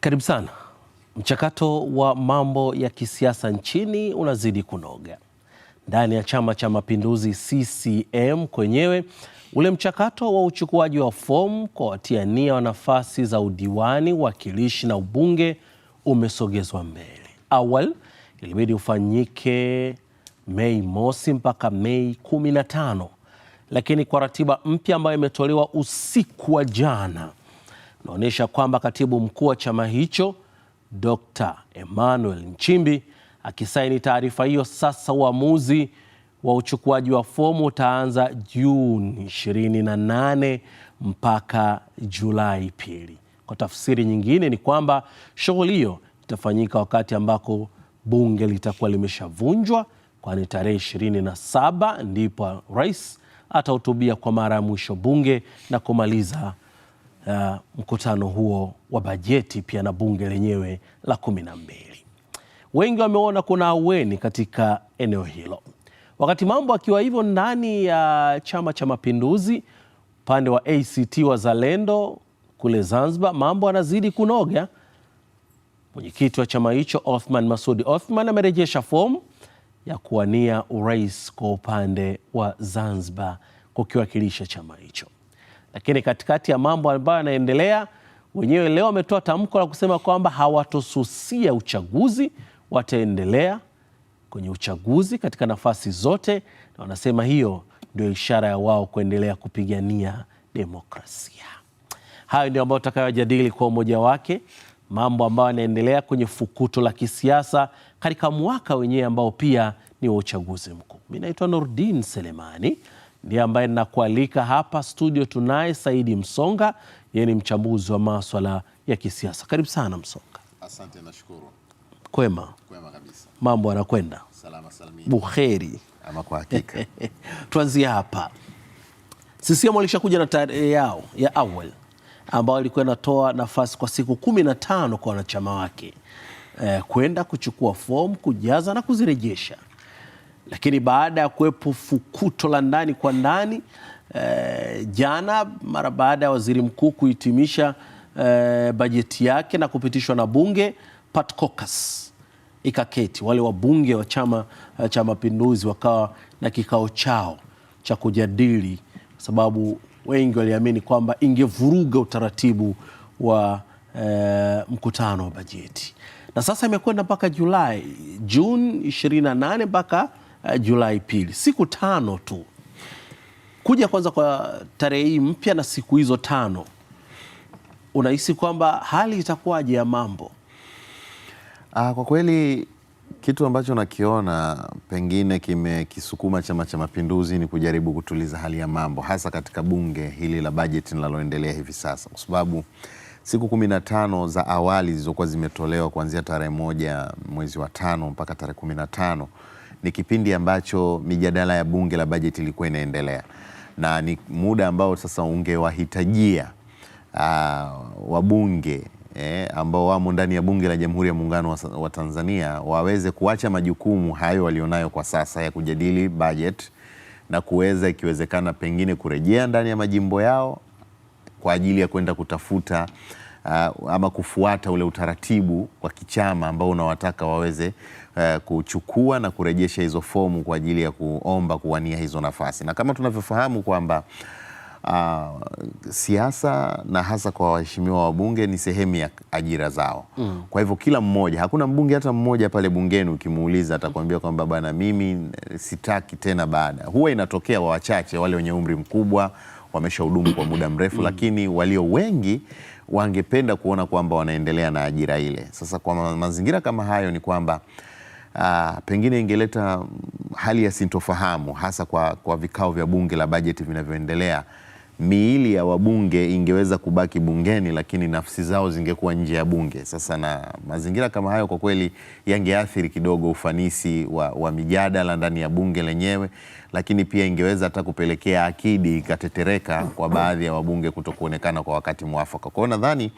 Karibu sana. Mchakato wa mambo ya kisiasa nchini unazidi kunoga ndani ya Chama cha Mapinduzi CCM kwenyewe. Ule mchakato wa uchukuaji wa fomu kwa watiania wa nafasi za udiwani, uwakilishi na ubunge umesogezwa mbele. Awali ilibidi ufanyike Mei mosi mpaka Mei 15, lakini kwa ratiba mpya ambayo imetolewa usiku wa jana unaonyesha kwamba katibu mkuu wa chama hicho Dr. Emmanuel Nchimbi akisaini taarifa hiyo, sasa uamuzi wa uchukuaji wa fomu utaanza Juni 28 mpaka Julai pili. Kwa tafsiri nyingine ni kwamba shughuli hiyo itafanyika wakati ambako bunge litakuwa limeshavunjwa, kwani tarehe 27 ndipo rais atahutubia kwa mara ya mwisho bunge na kumaliza uh, mkutano huo wa bajeti pia na bunge lenyewe la kumi na mbili. Wengi wameona kuna aweni katika eneo hilo. Wakati mambo akiwa hivyo, ndani ya Chama cha Mapinduzi upande wa ACT Wazalendo kule Zanzibar, mambo anazidi kunoga. Mwenyekiti wa chama hicho Othman Masudi Othman amerejesha fomu ya kuwania urais kwa upande wa Zanzibar kukiwakilisha chama hicho. Lakini katikati ya mambo ambayo yanaendelea, wenyewe leo wametoa tamko la kusema kwamba hawatosusia uchaguzi, wataendelea kwenye uchaguzi katika nafasi zote, na wanasema hiyo ndio ishara ya wao kuendelea kupigania demokrasia. Hayo ndio ambayo tutakayojadili kwa umoja wake, mambo ambayo yanaendelea kwenye fukuto la kisiasa katika mwaka wenyewe ambao pia ni wa uchaguzi mkuu. Mi naitwa Nurdin Selemani ndiye ambaye ninakualika hapa studio. Tunaye Saidi Msonga, yeye ni mchambuzi wa maswala ya kisiasa. Karibu sana Msonga. Asante, nashukuru. Kwema, kwema kabisa. Mambo yanakwenda salama salimini, buheri ama kwa hakika. Tuanzie hapa, CCM walishakuja na tarehe yao ya awali ambao walikuwa inatoa nafasi kwa siku kumi na tano kwa wanachama wake eh, kwenda kuchukua fomu, kujaza na kuzirejesha lakini baada ya kuwepo fukuto la ndani kwa ndani eh, jana mara baada ya waziri mkuu kuhitimisha eh, bajeti yake na kupitishwa na bunge, Pat Caucus ikaketi, wale wabunge wa Chama eh, cha Mapinduzi wakawa na kikao chao cha kujadili, kwa sababu wengi waliamini kwamba ingevuruga utaratibu wa eh, mkutano wa bajeti, na sasa imekwenda mpaka Julai Juni 28 mpaka Eh, Julai pili, siku tano tu kuja kwanza kwa tarehe hii mpya na siku hizo tano, unahisi kwamba hali itakuwaje ya mambo? Aa, ah, kwa kweli kitu ambacho nakiona pengine kimekisukuma Chama cha Mapinduzi ni kujaribu kutuliza hali ya mambo, hasa katika bunge hili la bajeti linaloendelea hivi sasa, kwa sababu siku kumi na tano za awali zilizokuwa zimetolewa kuanzia tarehe moja mwezi wa tano mpaka tarehe kumi na tano ni kipindi ambacho mijadala ya bunge la bajeti ilikuwa inaendelea na ni muda ambao sasa ungewahitajia uh, wabunge eh, ambao wamo ndani ya bunge la Jamhuri ya Muungano wa Tanzania waweze kuacha majukumu hayo walionayo kwa sasa ya kujadili bajeti na kuweza ikiwezekana pengine kurejea ndani ya majimbo yao kwa ajili ya kwenda kutafuta uh, ama kufuata ule utaratibu wa kichama ambao unawataka waweze Eh, kuchukua na kurejesha hizo fomu kwa ajili ya kuomba kuwania hizo nafasi, na kama tunavyofahamu kwamba Uh, siasa na hasa kwa waheshimiwa wabunge ni sehemu ya ajira zao mm. Kwa hivyo kila mmoja, hakuna mbunge hata mmoja pale bungeni ukimuuliza atakwambia mm. kwamba bana, mimi eh, sitaki tena. Baada huwa inatokea wa wachache wale wenye umri mkubwa wameshahudumu kwa muda mrefu mm. Lakini walio wengi wangependa kuona kwamba wanaendelea na ajira ile. Sasa kwa mazingira kama hayo ni kwamba Uh, pengine ingeleta mm, hali ya sintofahamu hasa kwa, kwa vikao vya bunge la bajeti vinavyoendelea. Miili ya wabunge ingeweza kubaki bungeni, lakini nafsi zao zingekuwa nje ya bunge. Sasa na mazingira kama hayo, kwa kweli yangeathiri kidogo ufanisi wa, wa mijadala ndani ya bunge lenyewe, lakini pia ingeweza hata kupelekea akidi ikatetereka kwa baadhi ya wabunge kutokuonekana kwa wakati mwafaka. Kwa hiyo nadhani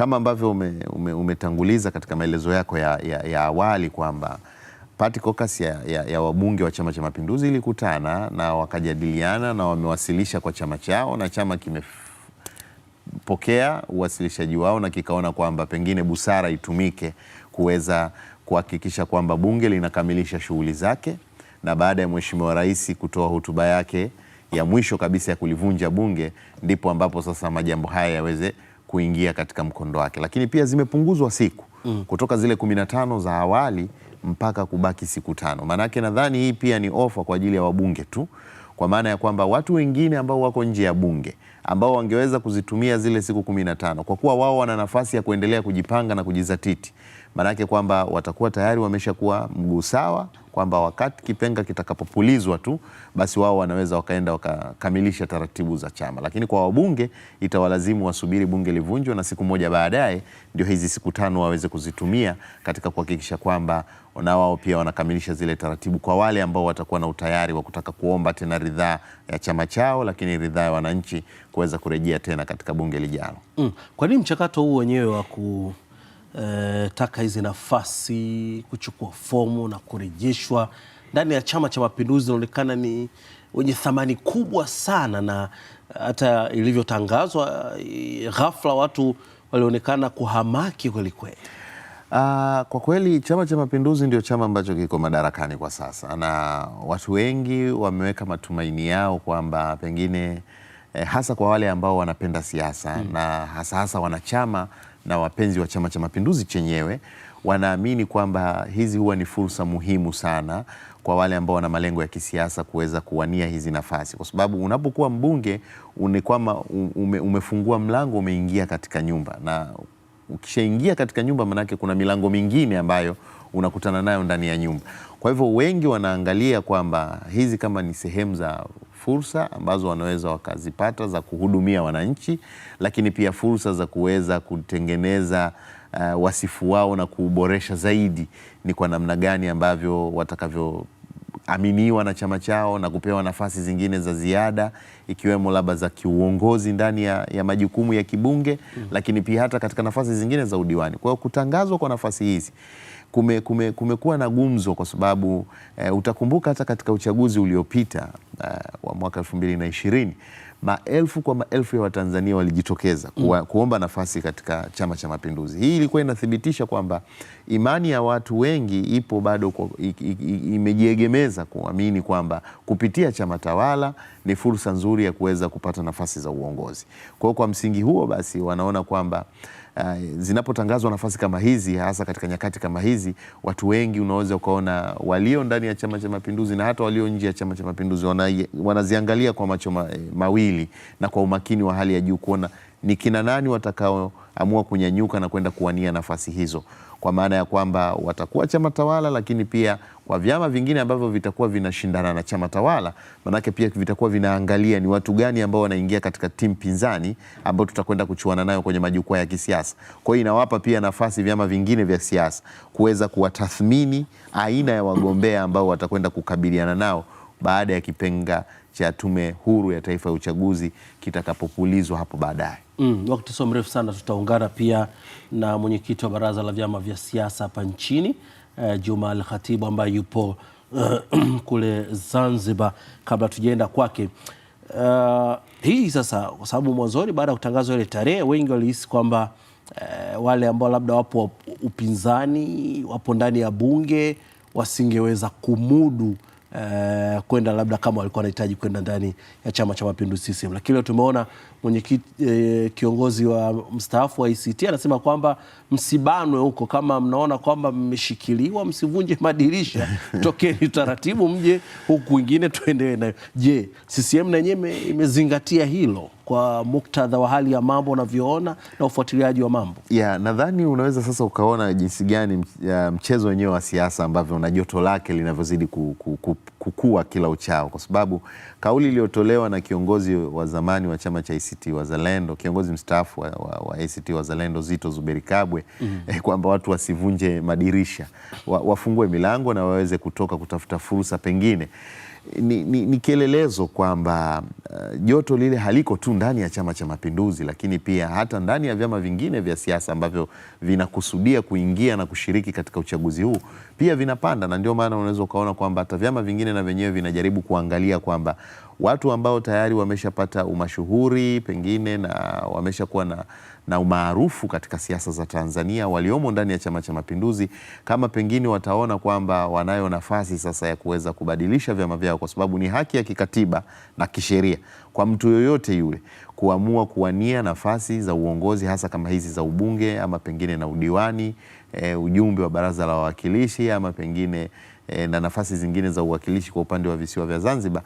kama ambavyo ume, ume, umetanguliza katika maelezo yako ya, ya, ya awali kwamba Party Caucus ya, ya, ya wabunge wa Chama cha Mapinduzi ilikutana na wakajadiliana na wamewasilisha kwa chama chao na chama kimepokea uwasilishaji wao na kikaona kwamba pengine busara itumike kuweza kuhakikisha kwamba bunge linakamilisha shughuli zake, na baada ya Mheshimiwa Rais kutoa hotuba yake ya mwisho kabisa ya kulivunja bunge ndipo ambapo sasa majambo haya yaweze kuingia katika mkondo wake, lakini pia zimepunguzwa siku mm. kutoka zile 15 za awali mpaka kubaki siku tano. Maanake nadhani hii pia ni ofa kwa ajili ya wabunge tu, kwa maana ya kwamba watu wengine ambao wako nje ya bunge ambao wangeweza kuzitumia zile siku kumi na tano kwa kuwa wao wana nafasi ya kuendelea kujipanga na kujizatiti. yake kwamba watakuwa tayari wameshakuwa mguu sawa, kwamba wakati kipenga kitakapopulizwa tu basi wao wanaweza wakaenda wakakamilisha taratibu za chama. Lakini kwa wabunge itawalazimu wasubiri bunge livunjwe na siku moja baadaye ndio hizi siku tano waweze kuzitumia katika kuhakikisha kwamba na wao pia wanakamilisha zile taratibu kwa wale ambao watakuwa na utayari wa kutaka kuomba tena ridhaa ya chama chao, lakini ridhaa ya wananchi kuweza kurejea tena katika bunge lijalo. Mm. Kwa nini mchakato huu wenyewe wa kutaka eh, hizi nafasi kuchukua fomu na kurejeshwa ndani ya Chama cha Mapinduzi unaonekana ni wenye thamani kubwa sana, na hata ilivyotangazwa eh, ghafla watu walionekana kuhamaki kwelikweli. Uh, kwa kweli Chama cha Mapinduzi ndio chama ambacho kiko madarakani kwa sasa na watu wengi wameweka matumaini yao kwamba pengine eh, hasa kwa wale ambao wanapenda siasa mm. na hasa hasa wanachama na wapenzi wa Chama cha Mapinduzi chenyewe wanaamini kwamba hizi huwa ni fursa muhimu sana kwa wale ambao wana malengo ya kisiasa kuweza kuwania hizi nafasi, kwa sababu unapokuwa mbunge ni kwamba ume, umefungua mlango, umeingia katika nyumba na ukishaingia katika nyumba, manake kuna milango mingine ambayo unakutana nayo ndani ya nyumba. Kwa hivyo wengi wanaangalia kwamba hizi kama ni sehemu za fursa ambazo wanaweza wakazipata za kuhudumia wananchi, lakini pia fursa za kuweza kutengeneza uh, wasifu wao na kuboresha zaidi, ni kwa namna gani ambavyo watakavyo aminiwa na chama chao na kupewa nafasi zingine za ziada ikiwemo labda za kiuongozi ndani ya, ya majukumu ya kibunge mm. Lakini pia hata katika nafasi zingine za udiwani. Kwa hiyo kutangazwa kwa nafasi hizi kume, kume, kumekuwa na gumzo kwa sababu eh, utakumbuka hata katika uchaguzi uliopita eh, wa mwaka elfu mbili na ishirini maelfu kwa maelfu ya Watanzania walijitokeza kuwa, mm. kuomba nafasi katika Chama cha Mapinduzi. Hii ilikuwa inathibitisha kwamba imani ya watu wengi ipo bado imejiegemeza kuamini kwamba kupitia chama tawala ni fursa nzuri ya kuweza kupata nafasi za uongozi. Kwa hiyo kwa msingi huo basi wanaona kwamba uh, zinapotangazwa nafasi kama hizi, hasa katika nyakati kama hizi, watu wengi unaweza ukaona walio ndani ya Chama cha Mapinduzi na hata walio nje ya Chama cha Mapinduzi wana, wanaziangalia kwa macho ma, eh, mawili na kwa umakini wa hali ya juu kuona ni kina nani watakao amua kunyanyuka na kwenda kuwania nafasi hizo, kwa maana ya kwamba watakuwa chama tawala, lakini pia kwa vyama vingine ambavyo vitakuwa vinashindana na chama tawala, manake pia vitakuwa vinaangalia ni watu gani ambao wanaingia katika timu pinzani ambao tutakwenda kuchuana nayo kwenye majukwaa ya kisiasa. Kwa hiyo inawapa pia nafasi vyama vingine vya siasa kuweza kuwatathmini aina ya wagombea ambao watakwenda kukabiliana nao baada ya kipenga cha Tume Huru ya Taifa ya Uchaguzi kitakapopulizwa hapo baadaye. Mm, wakati sio mrefu sana tutaungana pia na mwenyekiti wa baraza la vyama vya siasa hapa nchini eh, Juma Al Khatibu ambaye yupo uh, kule Zanzibar. Kabla tujaenda kwake uh, hii sasa, kwa sababu mwanzoni, baada ya kutangazwa ile tarehe, wengi walihisi kwamba eh, wale ambao labda wapo upinzani, wapo ndani ya bunge wasingeweza kumudu Eh, kwenda labda kama walikuwa wanahitaji kwenda ndani ya Chama cha Mapinduzi CCM. Lakini leo tumeona mwenyekiti eh, kiongozi wa mstaafu wa ACT anasema kwamba msibanwe huko, kama mnaona kwamba mmeshikiliwa, msivunje madirisha, tokeni taratibu, mje huku wengine tuendelee nayo. Je, CCM na yenyewe imezingatia hilo? kwa muktadha wa hali ya mambo unavyoona na ufuatiliaji wa mambo? Yeah, nadhani unaweza sasa ukaona jinsi gani mchezo wenyewe wa siasa ambavyo na joto lake linavyozidi kukua kila uchao, kwa sababu kauli iliyotolewa na kiongozi wa zamani wa chama cha ACT Wazalendo, kiongozi mstaafu wa, wa, wa ACT Wazalendo Zito Zuberi Kabwe mm -hmm. eh, kwamba watu wasivunje madirisha wa, wafungue milango na waweze kutoka kutafuta fursa pengine ni, ni, ni kielelezo kwamba uh, joto uh, lile haliko tu ndani ya Chama cha Mapinduzi, lakini pia hata ndani ya vyama vingine vya siasa ambavyo vinakusudia kuingia na kushiriki katika uchaguzi huu pia vinapanda, na ndio maana unaweza ukaona kwamba hata vyama vingine na vyenyewe vinajaribu kuangalia kwamba watu ambao tayari wameshapata umashuhuri pengine na wameshakuwa na na umaarufu katika siasa za Tanzania waliomo ndani ya Chama cha Mapinduzi, kama pengine wataona kwamba wanayo nafasi sasa ya kuweza kubadilisha vyama vyao, kwa sababu ni haki ya kikatiba na kisheria kwa mtu yoyote yule kuamua kuwania nafasi za uongozi, hasa kama hizi za ubunge ama pengine na udiwani, e, ujumbe wa baraza la wawakilishi ama pengine e, na nafasi zingine za uwakilishi kwa upande wa visiwa vya Zanzibar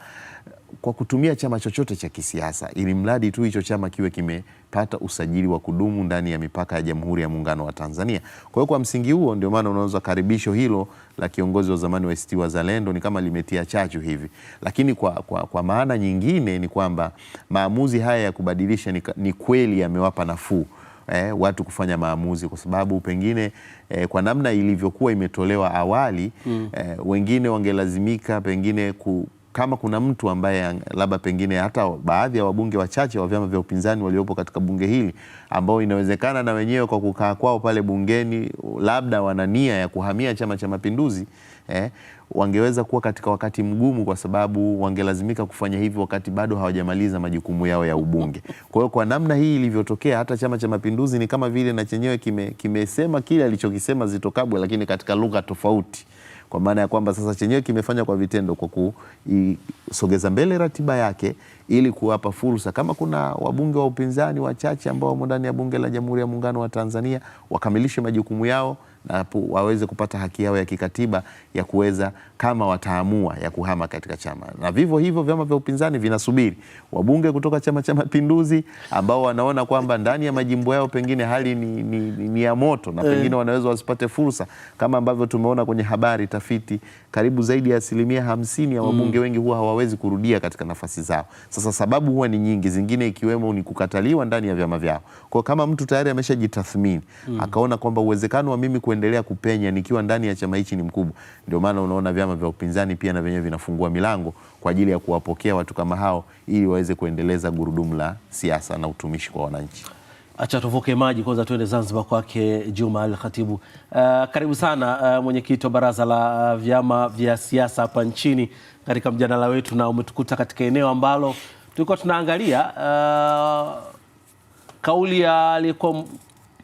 kwa kutumia chama chochote cha kisiasa, ili mradi tu hicho chama kiwe kimepata usajili wa kudumu ndani ya mipaka ya Jamhuri ya Muungano wa Tanzania. Kwa hiyo kwa msingi huo, ndio maana unaweza karibisho hilo la kiongozi wa zamani wa ACT Wazalendo ni kama limetia chachu hivi, lakini kwa, kwa, kwa maana nyingine ni kwamba maamuzi haya ya kubadilisha ni, ni kweli yamewapa nafuu Eh, watu kufanya maamuzi kwa sababu pengine eh, kwa namna ilivyokuwa imetolewa awali mm. eh, wengine wangelazimika pengine ku, kama kuna mtu ambaye labda pengine hata baadhi ya wabunge wachache wa vyama vya upinzani waliopo katika bunge hili ambao inawezekana na wenyewe kwa kukaa kwao pale bungeni labda wana nia ya kuhamia Chama cha Mapinduzi eh, wangeweza kuwa katika wakati mgumu, kwa sababu wangelazimika kufanya hivi wakati bado hawajamaliza majukumu yao ya ubunge. Kwa hiyo kwa namna hii ilivyotokea, hata Chama cha Mapinduzi ni kama vile na chenyewe kimesema kime kile alichokisema Zitto Kabwe, lakini katika lugha tofauti kwa maana ya kwamba sasa chenyewe kimefanya kwa vitendo kwa kusogeza mbele ratiba yake ili kuwapa fursa, kama kuna wabunge wa upinzani wachache ambao wamo ndani ya Bunge la Jamhuri ya Muungano wa Tanzania wakamilishe majukumu yao na waweze kupata haki yao ya kikatiba ya kuweza kama wataamua ya kuhama katika chama. Na vivyo hivyo vyama vya upinzani vinasubiri wabunge kutoka Chama cha Mapinduzi ambao wanaona kwamba ndani ya majimbo yao pengine hali ni, ni, ni, ni ya moto na eh. pengine wanaweza wasipate fursa, kama ambavyo tumeona kwenye habari tafiti, karibu zaidi ya asilimia hamsini ya wabunge mm, wengi huwa hawawezi kurudia katika nafasi zao. Sasa sababu huwa ni nyingi, zingine ikiwemo ni kukataliwa ndani ya vyama vyao. Kwa kama mtu tayari ameshajitathmini mm, akaona kwamba uwezekano wa mimi kwenye kuendelea kupenya nikiwa ndani ya chama hichi ni mkubwa. Ndio maana unaona vyama vya upinzani pia na vyenyewe vinafungua milango kwa ajili ya kuwapokea watu kama hao ili waweze kuendeleza gurudumu la siasa na utumishi kwa wananchi. Acha tuvuke maji kwanza, tuende Zanzibar kwake Juma Al Khatibu. Uh, karibu sana uh, mwenyekiti wa baraza la uh, vyama vya siasa hapa nchini katika mjadala wetu, na umetukuta katika eneo ambalo tulikuwa tunaangalia uh, kauli ya aliyekuwa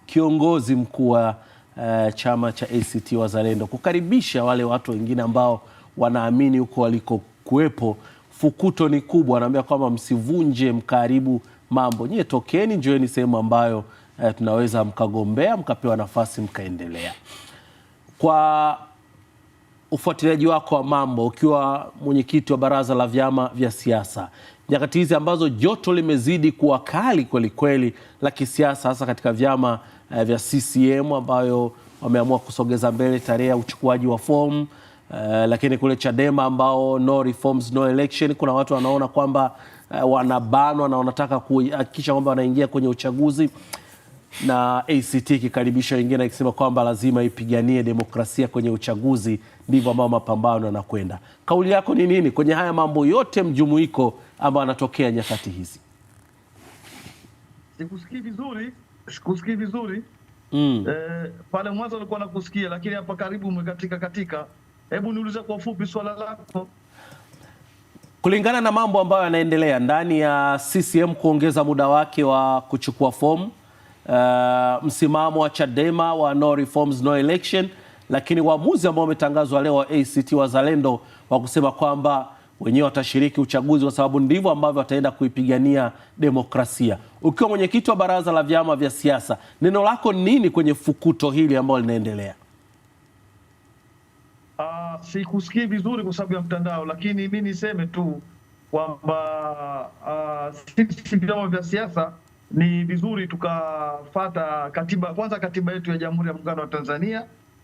kiongozi mkuu wa uh, uh, chama cha ACT Wazalendo kukaribisha wale watu wengine ambao wanaamini huko walikokuwepo fukuto ni kubwa. Anaambia kwamba msivunje, mkaharibu mambo, nyie tokeni, njoeni sehemu ambayo uh, tunaweza mkagombea, mkapewa nafasi, mkaendelea. Kwa ufuatiliaji wako wa mambo ukiwa mwenyekiti wa baraza la vyama vya siasa nyakati hizi ambazo joto limezidi kuwa kali kwelikweli la kisiasa, hasa katika vyama eh, vya CCM ambayo wameamua kusogeza mbele tarehe ya uchukuaji wa fomu eh, lakini kule Chadema ambao no reforms, no election, kuna watu wanaona kwamba eh, wanabanwa na wanataka kuhakikisha kwamba wanaingia kwenye uchaguzi na ACT ikikaribisha wengine ikisema kwamba lazima ipiganie demokrasia kwenye uchaguzi. Ndivyo ambao mapambano yanakwenda. Kauli yako ni nini kwenye haya mambo yote, mjumuiko ama anatokea nyakati hizi? Sikusikii vizuri, sikusikii vizuri mm. E, pale mwanzo alikuwa nakusikia, lakini hapa karibu umekatika katika. Hebu niulize kwa ufupi swala lako. Kulingana na mambo ambayo yanaendelea ndani ya CCM kuongeza muda wake wa kuchukua fomu Uh, msimamo wa Chadema wa no reforms no election, lakini uamuzi ambao umetangazwa leo wa ACT Wazalendo wa kusema kwamba wenyewe watashiriki uchaguzi kwa sababu ndivyo ambavyo wataenda kuipigania demokrasia. Ukiwa mwenyekiti wa baraza la vyama vya siasa, neno lako nini kwenye fukuto hili ambalo linaendelea? Uh, sikusikii vizuri kwa sababu ya mtandao, lakini mi niseme tu kwamba uh, sisi vyama vya siasa ni vizuri tukafata katiba kwanza, katiba yetu ya Jamhuri ya Muungano wa Tanzania,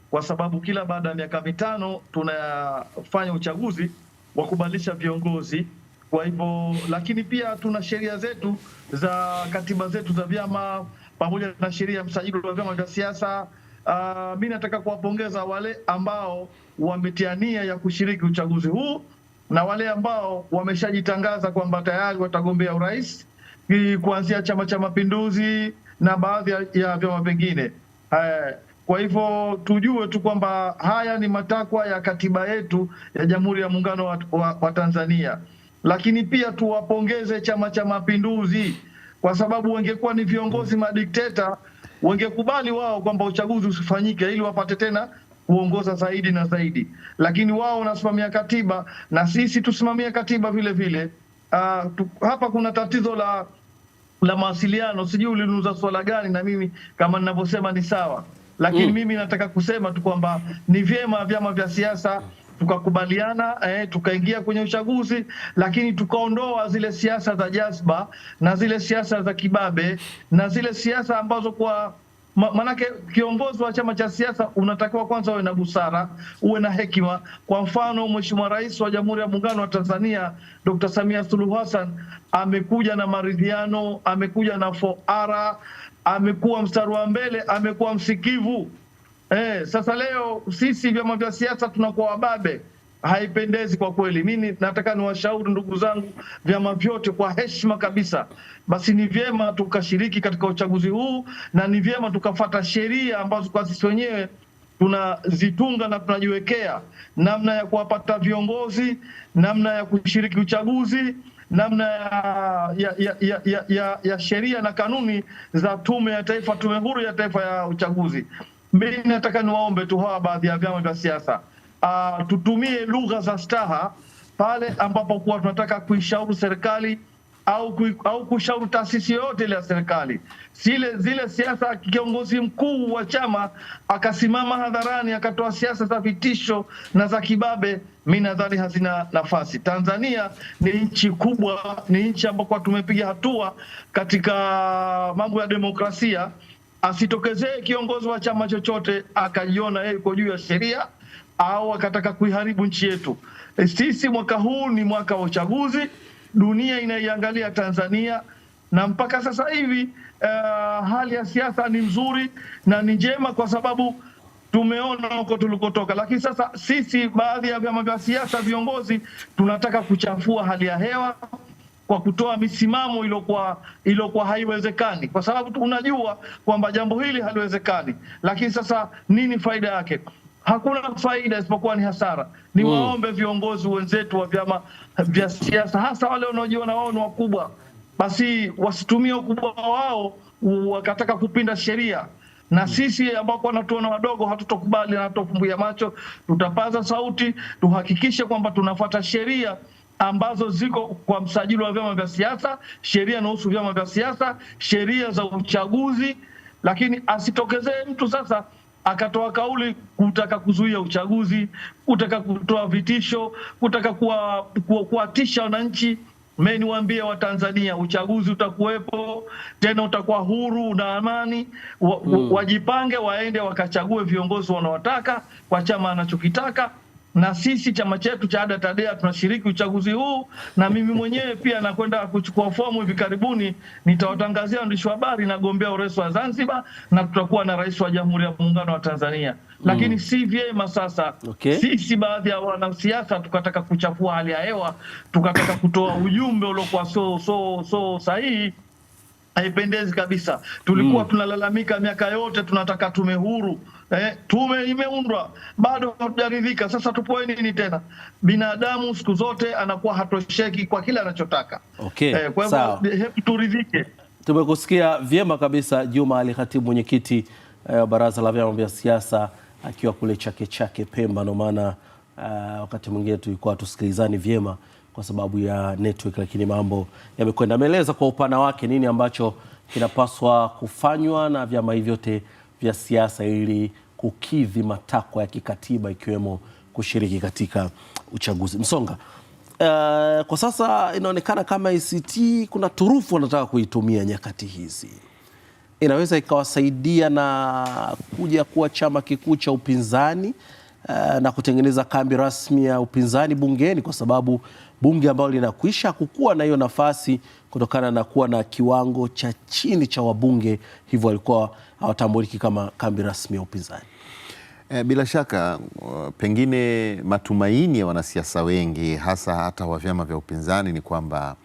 kwa sababu kila baada ya miaka mitano tunafanya uchaguzi wakubalisha viongozi. Kwa hivyo, lakini pia tuna sheria zetu za katiba zetu za vyama pamoja na sheria ya msajili wa vyama vya siasa. Uh, mi nataka kuwapongeza wale ambao wametia nia ya kushiriki uchaguzi huu na wale ambao wameshajitangaza kwamba tayari watagombea urais eh, kuanzia Chama cha Mapinduzi na baadhi ya vyama vingine. Eh, kwa hivyo tujue tu kwamba haya ni matakwa ya katiba yetu ya Jamhuri ya Muungano wa, wa, wa Tanzania. Lakini pia tuwapongeze Chama cha Mapinduzi kwa sababu wangekuwa ni viongozi madikteta wangekubali wao kwamba uchaguzi usifanyike ili wapate tena kuongoza zaidi na zaidi, lakini wao wanasimamia katiba na sisi tusimamie katiba vile vile. Uh, tu, hapa kuna tatizo la la mawasiliano, sijui ulinuza swala gani, na mimi kama ninavyosema ni sawa lakini mm. mimi nataka kusema tu kwamba ni vyema vyama vya siasa tukakubaliana eh, tukaingia kwenye uchaguzi, lakini tukaondoa zile siasa za jazba na zile siasa za kibabe na zile siasa ambazo kwa maanake kiongozi wa chama cha siasa unatakiwa kwanza uwe na busara, uwe na hekima. Kwa mfano, Mheshimiwa Rais wa Jamhuri ya Muungano wa Tanzania Dr. Samia Suluhu Hassan amekuja na maridhiano, amekuja na foara amekuwa mstari wa mbele, amekuwa msikivu. Eh, sasa leo sisi vyama vya siasa tunakuwa wababe, haipendezi kwa kweli. Mimi nataka niwashauri ndugu zangu, vyama vyote kwa heshima kabisa, basi ni vyema tukashiriki katika uchaguzi huu na ni vyema tukafata sheria ambazo kwa sisi wenyewe tunazitunga na tunajiwekea namna ya kuwapata viongozi, namna ya kushiriki uchaguzi namna ya, ya, ya, ya, ya, ya, ya sheria na kanuni za tume ya taifa, tume huru ya taifa ya uchaguzi. Mimi nataka niwaombe tu hawa baadhi ya vyama vya siasa uh, tutumie lugha za staha pale ambapo kuwa tunataka kuishauri serikali au, au kushauri taasisi yoyote ile ya serikali zile zile siasa. Kiongozi mkuu wa chama akasimama hadharani akatoa siasa za vitisho na za kibabe, mi nadhani hazina nafasi. Tanzania ni nchi kubwa, ni nchi ambayo tumepiga hatua katika mambo ya demokrasia. Asitokezee kiongozi wa chama chochote akajiona yeye yuko juu ya sheria au akataka kuiharibu nchi yetu. Sisi mwaka huu ni mwaka wa uchaguzi dunia inaiangalia Tanzania na mpaka sasa hivi uh, hali ya siasa ni nzuri na ni njema, kwa sababu tumeona huko tulikotoka. Lakini sasa sisi baadhi ya vyama vya siasa, viongozi, tunataka kuchafua hali ya hewa kwa kutoa misimamo iliyokuwa iliyokuwa haiwezekani, kwa sababu unajua kwamba jambo hili haliwezekani, lakini sasa nini faida yake? hakuna faida isipokuwa ni hasara. Ni mm. waombe viongozi wenzetu wa vyama vya siasa, hasa wale wanaojiona wao ni wakubwa, basi wasitumie ukubwa wao wakataka kupinda sheria na mm. sisi ambao wanatuona wadogo hatutokubali na hatutofumbia macho. Tutapaza sauti, tuhakikishe kwamba tunafuata sheria ambazo ziko kwa msajili wa vyama vya siasa, sheria inahusu vyama vya siasa, sheria za uchaguzi, lakini asitokezee mtu sasa akatoa kauli kutaka kuzuia uchaguzi, kutaka kutoa vitisho, kutaka kuwatisha wananchi. Me niwaambie Watanzania, uchaguzi utakuwepo tena, utakuwa huru na amani hmm. Wajipange waende wakachague viongozi wanaotaka kwa chama anachokitaka na sisi chama chetu cha ADA TADEA tunashiriki uchaguzi huu, na mimi mwenyewe pia nakwenda kuchukua fomu hivi karibuni. Nitawatangazia waandishi wa habari nagombea urais wa Zanzibar na tutakuwa na rais wa Jamhuri ya Muungano wa Tanzania. Lakini mm. si vyema sasa okay. sisi baadhi ya wanasiasa tukataka kuchafua hali ya hewa, tukataka kutoa ujumbe uliokuwa so, so, so sahihi haipendezi kabisa. Tulikuwa mm. tunalalamika miaka yote, tunataka tume huru eh, tume imeundwa bado hatujaridhika. Sasa tupoe nini tena? Binadamu siku zote anakuwa hatosheki kwa kile anachotaka. Okay. Eh, kwa hivyo eh, hebu turidhike. Tumekusikia vyema kabisa Juma Ali Khatibu, mwenyekiti eh, wa eh, baraza la vyama vya siasa akiwa kule Chake Chake Pemba. ndo maana uh, wakati mwingine tulikuwa tusikilizani vyema kwa sababu ya network, lakini mambo yamekwenda. Ameeleza kwa upana wake nini ambacho kinapaswa kufanywa na vyama hivi vyote vya siasa ili kukidhi matakwa ya kikatiba ikiwemo kushiriki katika uchaguzi. Msonga, uh, kwa sasa inaonekana kama ACT kuna turufu wanataka kuitumia nyakati hizi, inaweza ikawasaidia na kuja kuwa chama kikuu cha upinzani uh, na kutengeneza kambi rasmi ya upinzani bungeni kwa sababu bunge ambalo linakwisha kukuwa na hiyo nafasi kutokana na kuwa na kiwango cha chini cha wabunge, hivyo walikuwa hawatambuliki kama kambi rasmi ya upinzani. Eh, bila shaka uh, pengine matumaini ya wanasiasa wengi hasa hata wa vyama vya upinzani ni kwamba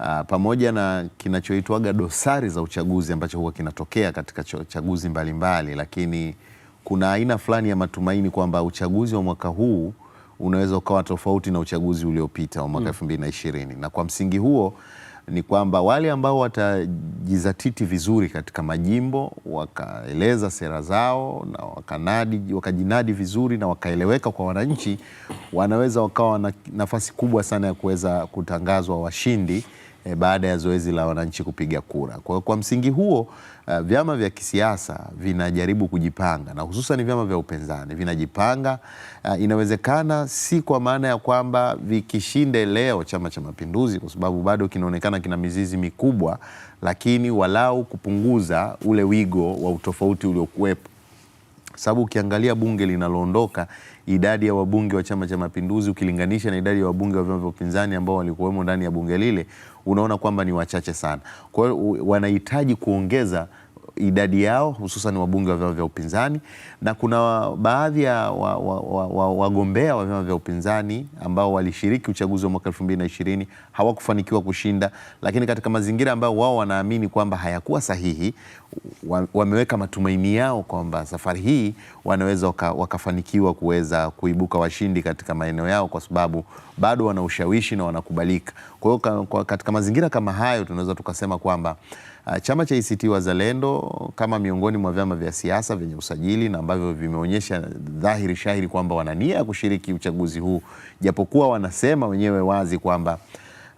uh, pamoja na kinachoitwaga dosari za uchaguzi ambacho huwa kinatokea katika chaguzi mbalimbali mbali, lakini kuna aina fulani ya matumaini kwamba uchaguzi wa mwaka huu unaweza ukawa tofauti na uchaguzi uliopita wa mwaka 2020 mm. Na kwa msingi huo ni kwamba wale ambao watajizatiti vizuri katika majimbo wakaeleza sera zao na wakanadi, wakajinadi vizuri na wakaeleweka kwa wananchi, wanaweza wakawa na nafasi kubwa sana ya kuweza kutangazwa washindi e, baada ya zoezi la wananchi kupiga kura. Kwa, kwa msingi huo uh, vyama vya kisiasa vinajaribu kujipanga na hususan vyama vya upinzani vinajipanga. Uh, inawezekana si kwa maana ya kwamba vikishinde leo Chama cha Mapinduzi, kwa sababu bado kinaonekana kina mizizi mikubwa, lakini walau kupunguza ule wigo wa utofauti uliokuwepo sababu ukiangalia bunge linaloondoka, idadi ya wabunge wa Chama cha Mapinduzi ukilinganisha na idadi ya wabunge wa vyama vya upinzani ambao walikuwemo ndani ya bunge lile, unaona kwamba ni wachache sana. Kwa hiyo wanahitaji kuongeza idadi yao hususan wabunge wa vyama vya upinzani, na kuna baadhi ya wagombea wa, wa, wa, wa vyama vya upinzani ambao walishiriki uchaguzi wa mwaka 2020 hawakufanikiwa kushinda, lakini katika mazingira ambayo wao wanaamini kwamba hayakuwa sahihi, wameweka matumaini yao kwamba safari hii wanaweza waka, wakafanikiwa kuweza kuibuka washindi katika maeneo yao, kwa sababu bado wana ushawishi na wanakubalika. Kwa hiyo katika mazingira kama hayo tunaweza tukasema kwamba Ah, chama cha ACT Wazalendo kama miongoni mwa vyama vya siasa vyenye usajili na ambavyo vimeonyesha dhahiri shahiri kwamba wana nia ya kushiriki uchaguzi huu, japokuwa wanasema wenyewe wazi kwamba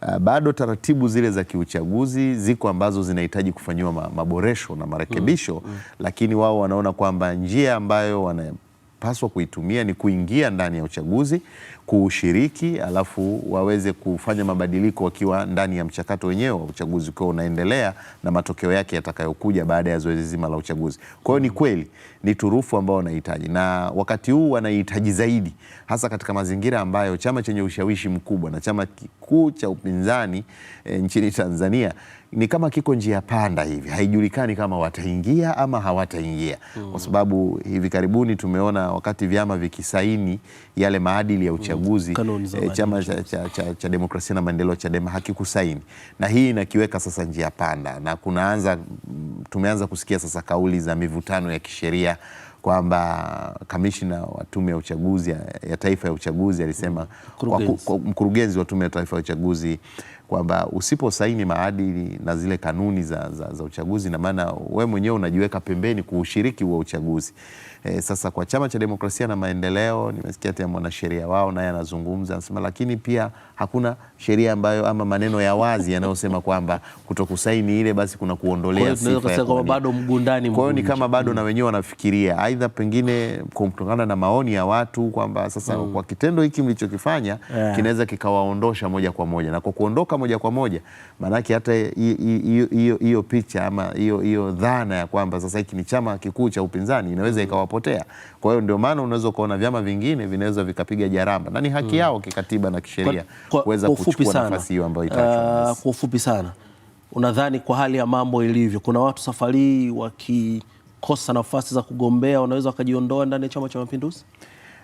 uh, bado taratibu zile za kiuchaguzi ziko ambazo zinahitaji kufanyiwa maboresho na marekebisho mm, mm, mm. Lakini wao wanaona kwamba njia ambayo wana wanapaswa kuitumia ni kuingia ndani ya uchaguzi, kuushiriki, alafu waweze kufanya mabadiliko wakiwa ndani ya mchakato wenyewe wa uchaguzi ukiwa unaendelea na matokeo yake yatakayokuja baada ya zoezi zima la uchaguzi. Kwa hiyo ni kweli ni turufu ambao wanahitaji, na wakati huu wanahitaji zaidi, hasa katika mazingira ambayo chama chenye ushawishi mkubwa na chama kikuu cha upinzani e, nchini Tanzania ni kama kiko njia panda hivi, haijulikani kama wataingia ama hawataingia mm. Kwa sababu hivi karibuni tumeona wakati vyama vikisaini yale maadili ya hmm. uchaguzi mm. E, chama cha, cha, cha, cha demokrasia na maendeleo Chadema hakikusaini, na hii inakiweka sasa njia panda, na kunaanza tumeanza kusikia sasa kauli za mivutano ya kisheria kwamba kamishna wa tume ya uchaguzi ya taifa ya uchaguzi alisema, hmm. mkurugenzi wa tume ya taifa ya uchaguzi kwamba usiposaini maadili na zile kanuni za, za, za uchaguzi, na maana wewe mwenyewe unajiweka pembeni kuushiriki huo uchaguzi. E, sasa kwa Chama cha Demokrasia na Maendeleo nimesikia tena mwanasheria wao naye anazungumza, anasema lakini pia hakuna sheria ambayo ama maneno ya wazi yanayosema kwamba kutokusaini ile basi kuna kuondolea sifa kwa Kwa hiyo ni kama bado na mm. wenyewe wanafikiria, aidha pengine kutokana na maoni ya watu kwamba sasa mm. kwa kitendo hiki mlichokifanya yeah. kinaweza kikawaondosha moja kwa moja, na kwa kuondoka moja kwa moja maanake hata hiyo picha ama hiyo dhana ya kwamba sasa hiki ni chama kikuu cha upinzani inaweza ikawa wanawapotea. Kwa hiyo ndio maana unaweza ukaona vyama vingine vinaweza vikapiga jaramba na ni haki hmm, yao kikatiba na kisheria kuweza kuchukua nafasi hiyo ambayo itachukua. Ah, kwa ufupi sana, unadhani kwa hali ya mambo ilivyo, kuna watu safari wakikosa nafasi za kugombea wanaweza wakajiondoa ndani ya Chama cha Mapinduzi?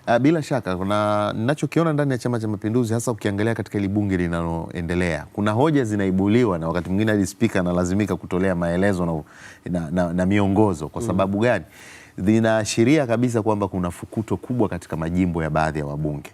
Ah, bila shaka kuna ninachokiona ndani ya Chama cha Mapinduzi, hasa ukiangalia katika ile bunge linaloendelea, kuna hoja zinaibuliwa na wakati mwingine hadi spika analazimika kutolea maelezo na, na, na, na miongozo. Kwa mm. sababu gani? zinaashiria kabisa kwamba kuna fukuto kubwa katika majimbo ya baadhi ya wabunge.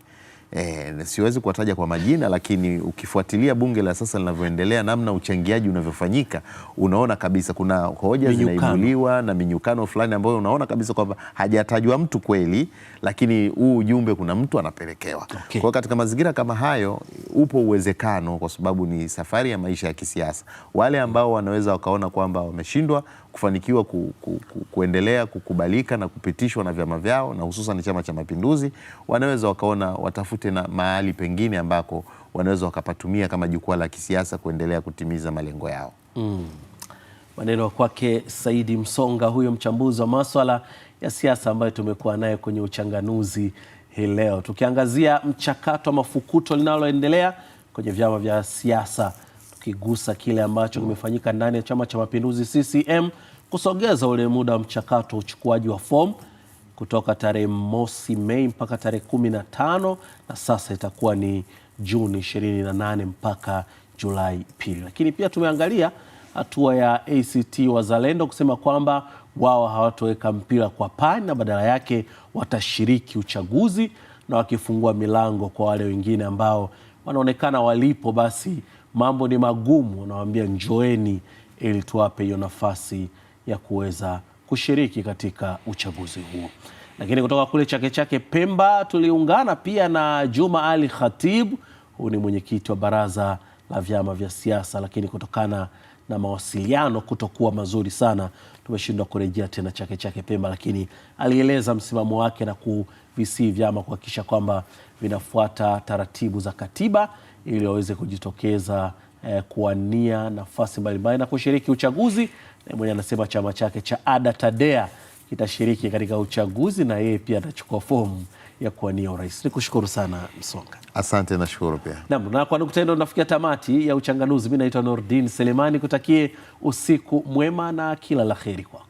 E, siwezi kuwataja kwa majina, lakini ukifuatilia bunge la sasa linavyoendelea, namna uchangiaji unavyofanyika, unaona kabisa kuna hoja zinaibuliwa na minyukano fulani ambayo unaona kabisa kwamba hajatajwa mtu kweli, lakini huu ujumbe kuna mtu anapelekewa. Okay. Kwa katika mazingira kama hayo, upo uwezekano, kwa sababu ni safari ya maisha ya kisiasa, wale ambao wanaweza wakaona kwamba wameshindwa kufanikiwa ku, ku, ku, kuendelea kukubalika na kupitishwa na vyama vyao na hususan Chama cha Mapinduzi, wanaweza wakaona watafute na mahali pengine ambako wanaweza wakapatumia kama jukwaa la kisiasa kuendelea kutimiza malengo yao. Mm. Maneno kwake Saidi Msonga, huyo mchambuzi wa maswala ya siasa ambayo tumekuwa naye kwenye uchanganuzi hii leo, tukiangazia mchakato wa mafukuto linaloendelea kwenye vyama vya siasa tukigusa kile ambacho kimefanyika ndani ya Chama cha Mapinduzi CCM kusogeza ule muda wa mchakato wa uchukuaji wa fomu kutoka tarehe mosi Mei mpaka tarehe kumi na tano na sasa itakuwa ni Juni 28 mpaka Julai pili. Lakini pia tumeangalia hatua ya ACT Wazalendo kusema kwamba wao hawatoweka mpira kwa pani na badala yake watashiriki uchaguzi na wakifungua milango kwa wale wengine ambao wanaonekana walipo basi mambo ni magumu, anawaambia njoeni ili tuwape hiyo nafasi ya kuweza kushiriki katika uchaguzi huo. Lakini kutoka kule Chake Chake Pemba tuliungana pia na Juma Ali Khatib, huyu ni mwenyekiti wa baraza la vyama vya siasa, lakini kutokana na mawasiliano kutokuwa mazuri sana tumeshindwa kurejea tena Chake Chake Pemba, lakini alieleza msimamo wake na kuvisii vyama kuhakikisha kwamba vinafuata taratibu za katiba ili waweze kujitokeza eh, kuwania nafasi mbalimbali na kushiriki uchaguzi. Eh, mwenye anasema chama chake cha Ada Tadea kitashiriki katika uchaguzi na yeye pia atachukua fomu ya kuwania urais. ni kushukuru sana Msonga. Asante, nashukuru pia. nam na kwa nukta hilo nafikia tamati ya uchanganuzi. Mi naitwa Nordin Selemani, kutakie usiku mwema na kila la heri kwako.